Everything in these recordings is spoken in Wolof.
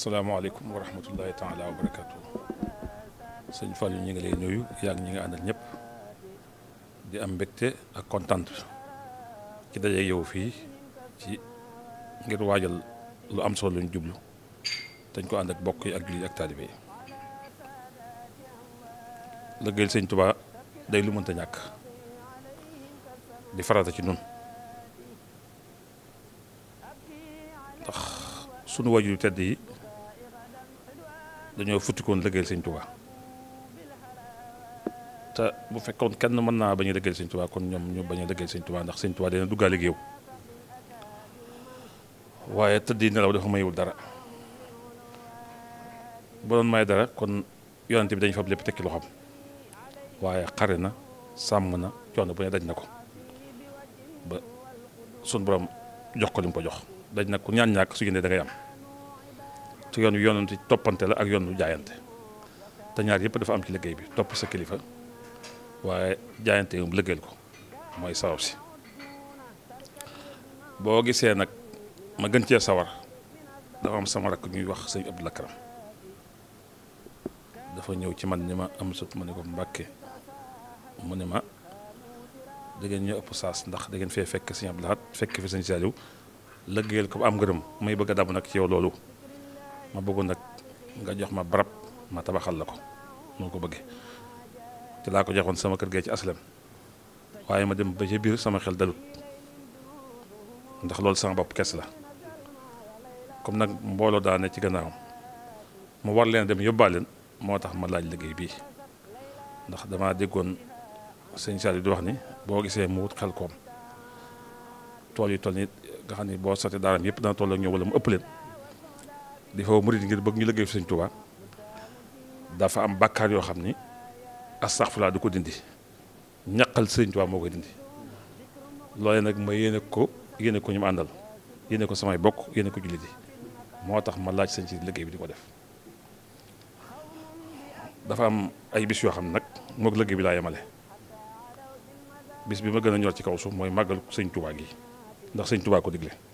asalaamaaleykum wa rahmatullahi taala wa barakaatu sëñ Fall ñu ngi lay nuyu yaa ngi ñi nga àndal ñëpp di am mbégte ak kontaan ci daje yow fii ci ngir waajal lu am solo luñ jublu dañ ko ànd ak bokk yi ak julli ak taalibe yi lëggéeyal sëñ Tuubaa day lu mënta ñàkk di farata ci nun ndax sunu waju tedd yi dañoo futtikoon liggéeyal sëñ Tuubaa te bu fekkoon kenn mën naa bañ a liggéeyal sëñ kon ñoom ñu bañ a liggéeyal sëñ Tuubaa ndax sëñ Tuubaa dina duggaale ak yow waaye tëddi nelaw dafa mayul dara bu doon may dara kon yonante bi dañu fab lépp tekki loxoom waaye xare na sàmm na coono bu ne daj na ko ba sun borom jox ko li mu ko jox daj na ko ñaan ñàkk su jëndee da am te yoon wi yoonante toppante la ak yoonu jaayante te ñaar yëpp dafa am ci liggéey bi topp sa kilifa waaye jaayante moom liggéeyal ko mooy sabab si boo gisee nag ma gën cee sawar dafa am sama rakk ñuy wax sëñ Abdou Lakram dafa ñëw ci man ni ma am sut ma ne ko Mbàkke mu ne ma da ngeen ñu ëpp saas ndax da ngeen fee fekk sëñ Abdou Lahat fekk fi sëñ Saliou liggéeyal ko ba am ngërëm may bëgg a dabu nag ci yow loolu ma bëggoon nag nga jox ma barab ma tabaxal la ko moo ko bëggee te laa ko joxoon sama kër gee ci aslem waaye ma dem ba ca biir sama xel dalut ndax loolu sama bopp kes la comme nag mbooloo daa ne ci gannaawam mu war leen dem yóbbaaleen moo tax ma laaj liggéey bii ndax damaa déggoon sëñ Saliou di wax ni boo gisee mu wut xel koom tool yi toll ni nga xam ni boo sottee daaram yëpp dana toll ak ñëw wala mu ëpp leen di fa murid ngir bokk ñu liggéey fi sëñ dafa am bàkkaar yoo xam ni astaxfirullah du ko dindi ñaqal sëñ Tuubaa moo ko dindi loolee nag ma yéene ko yéene ko ñu mu yéene ko samay bokk yéene ko jullit yi moo tax ma laaj sëñ ci bi di ko def dafa am ay bis yoo xam ne nag moog liggéey bi laa yemale bis bi ma gën a ñor ci kaw suuf mooy màggal sëñ Tuubaa gi ndax sëñ Tuubaa ko digle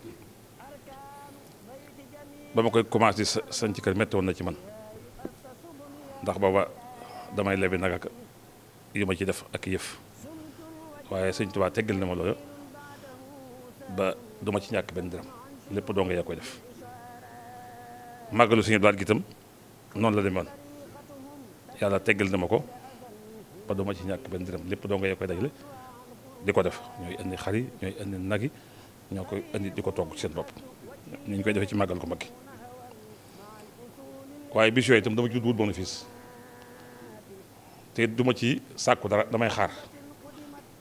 ba ma koy commencé di sañc kër métti na ci man ndax booba damay lebi nag ak yu ci def ak yëf waaye sëñ Tuubaa teggal na ma loolu ba duma ci ñàkk benn dërëm lépp doo nga yaa koy def màggalu suñu daal gi noonu la demoon yàlla teggal na ma ko ba du ci ñàkk benn dërëm lépp doo nga yaa koy dajale di ko def ñooy indi xar yi ñooy indi nag yi ñoo koy indi di ko togg seen bopp ni ñu koy defee ci màggal ko mag waaye bis tam dama ci wut bénéfice te duma ci sàkku dara damay xaar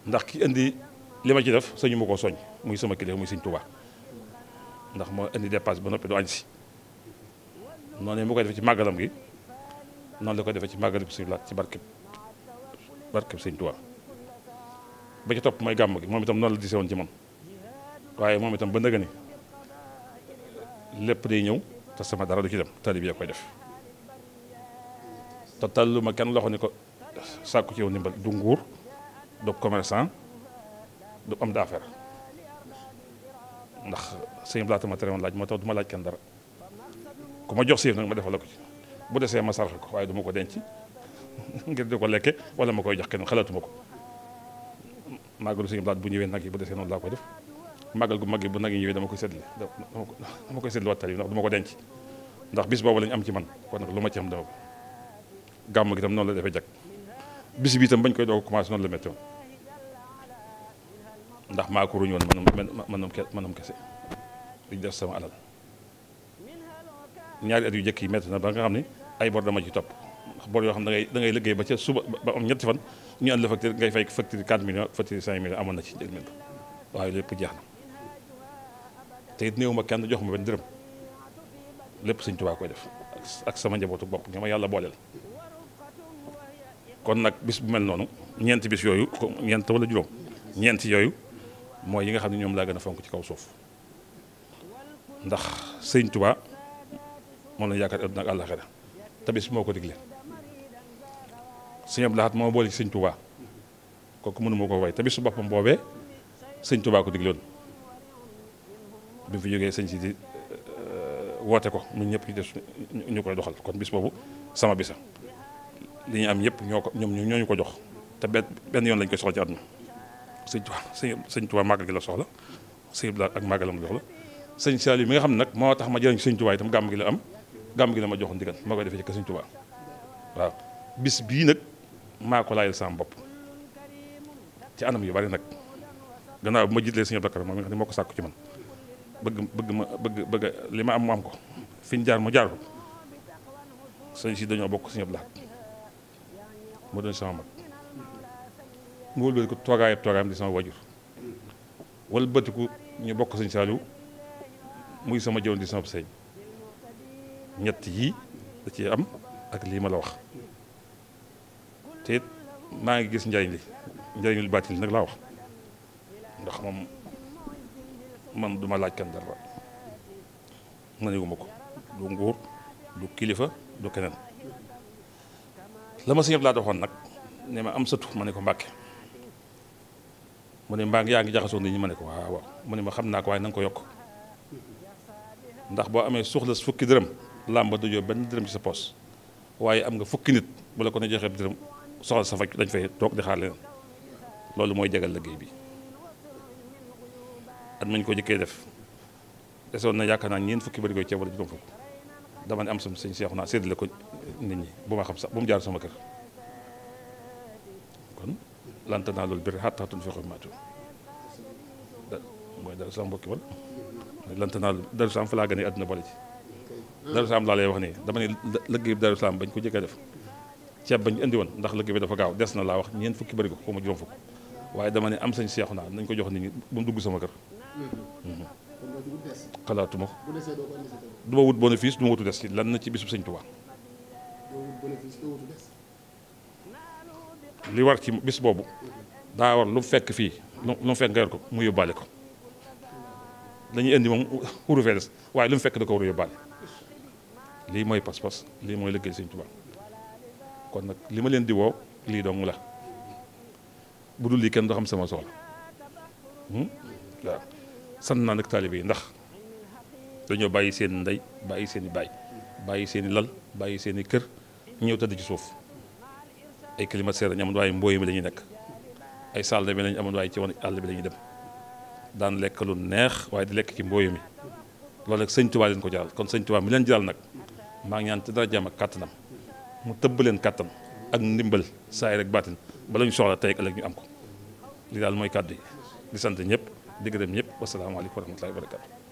ndax ki indi li ma ci def sañu ma koo soñ muy sama kilifa muy sëñ Tuubaa ndax moo indi dépasse ba noppi du añ si noonu mu koy defee ci màggalam gi noonu la koy defee ci màggalam si laat ci barkeb barkeb sëñ Tuubaa ba ci topp mooy gàmm gi moom itam noonu la dise woon ci man waaye moom itam ba ndëgëni lépp day ñëw te sama dara du ci dem taalibe koy def te tallu ma kenn loxo ni ko sàkku ci yow ndimbal du nguur du commerçant du am d'affaires ndax sëñ Blaata ma tere woon laaj moo tax du ma laaj kenn dara ku ma jox siif nag ma defal la ko ci bu desee ma sarxe ko waaye du ma ko denc ngir di ko lekke walla ma koy jox kenn xalaatuma ko màggalu sëñ Blaat bu ñëwee nag yi bu desee noonu laa koy def magal gu mag yi bu nag yi ñëwee dama koy séddale dama koy séddale wattali ndax du ma ko denc ndax bis boobu lañ am ci man kon nag lu ma ci am dama ko gi itam noonu la defee jag bis bi itam bañ koy doog commencé noonu la méttoon ndax maa ko ruñ woon manam manam kese di def sama alal ñaari yu njëkk yi métti na ba nga xam ne ay bor dama ci topp ndax bor yoo xam da ngay da ngay liggéey ba ca suba ba am ñetti fan ñu ànd la facture ngay fay facture 4 millions facture 5 millions amoon na ci njëlbeen ko waaye lépp jaax na. te it néew ma kenn jox ma benn dërëm lépp sëñ tubaa koy def ak sama njabootu bopp nga ma yàlla booleel kon nag bis bu mel noonu ñeenti bis yooyu ñeent wala juróom ñeenti yooyu mooy yi nga xam ne ñoom laa gën a fonk ci kaw suuf ndax sëñ Tuubaa moom yaakaar àdduna ak moo ko digle sëñ Abdou moo boole ci sëñ Tuubaa kooku mënu ma ko way te su boppam boobee sëñ Tuubaa ko digloon bi mu fi jógee sëñ si di euh, woote ko mu ñëpp ñu def ñu koy doxal kon bis boobu sama bisa li ñu am yëpp ñoo ko ñoom ñoo ñu ko jox te benn benn yoon lañ koy soxla ci àdduna sëñ Tuubaa sëñ sëñ Tuubaa gi la soxla sëñ Blaat ak màggalam la soxla sëñ Saliou mi nga xam ne nag moo tax ma jëriñ sëñ Tuubaa itam gàmm gi la am gàmm gi la ma jox ndigal ma koy defee ci kër sëñ Tuubaa waaw bis bii nag maa ko laayal sama bopp ci anam yu bari nag gannaaw bu ma jiitlee sëñ Abdou Karim moom moo ko sàkku ci man bëgg bëgg ma bëgg bëgg li ma am mu am ko fi jaar mu jaar ko sëñ si dañoo bokk suñu laat mu doon sama mag mu wëlbati ko toogaayab toogaayam di sama wajur wëlbatiku ñu bokk sëñ Saliou muy sama jëwon di sama sëñ ñett yii da ci am ak lii ma la wax te maa ngi gis njariñ li njariñ li bàtti li nag laa wax ndax moom man duma laaj kenn dara naneguma ko du nguur du kilifa du keneen la ma sëñ Abdou Lahad nag ne ma am sëtu ma ne ko mbàkke mu ne mbaa yaa ngi jaxasoo nit ñi ma ne ko waaw mu ne ma xam naa ko waaye na ko yokk ndax boo amee suxlas fukki dërëm làmba du jóob benn dërëm ci sa poos waaye am nga fukki nit bu la ko ne joxee dërëm soxla sa faj dañ fay toog di xaar leneen loolu mooy jagal liggéey bi at mañ ko jëkkee def desoon na yaakaar naa ñeent fukki barigo ceeb wala juróom fukk dama ne am sama sëñ Seexu naa séddale ko nit ñi bu ma xam sax bu mu jaar sama kër kon lanta naa loolu biir xaar taxatun fexu maatu mooy daru salaam mbokki wal lanta naa loolu daru salaam fa ci daru salaam laa lay wax nii dama ne lëggéey bi daru salaam bañ ko jëkkee def ceeb bañ indi ndax lëggéey bi dafa gaaw des na laa wax ñeent fukki barigo xaw ma juróom fukk waaye dama ne am sëñ Seexu naa nañ ko jox nit ñi bu mu dugg sama kër xalaatuma du ma wut bénéfice du wutu des ci lan na ci bisu sëñ Tuubaa li war ci bis boobu daa war lu fekk fii lu mu fekk nga yor ko mu yóbbaale ko dañuy indi moom xuru fee des waaye lu mu fekk na ko war yóbbaale lii mooy pas-pas lii mooy liggéey sëñ Tuubaa kon nag li ma leen di woo lii dong la bu dul lii kenn du xam sama soxla hmm? sant naa nag taalibe yi ndax dañoo bàyyi seen ndey bàyyi seen i baay bàyyi seen i lal bàyyi seen i kër ñëw tëdd ci suuf ay climatiseurs lañu amoon waaye mi la nekk ay salle bi lañu amoon waaye ci woon àll bi la ñuy dem daan neex waaye di lekk ci mbooy mi loolu nag sëñ ko jaral kon sëñ Tuubaa mi leen jaral nag maa ngi ñaan kàttanam mu tëbb leen kàttan ak ndimbal saay rek baatin bala ñu soxla tey ñu am ko li daal mooy kàddu yi di sant ñëpp di gërëm ñëpp wasalaamaaleykum wa rahmatullahi wa barakatu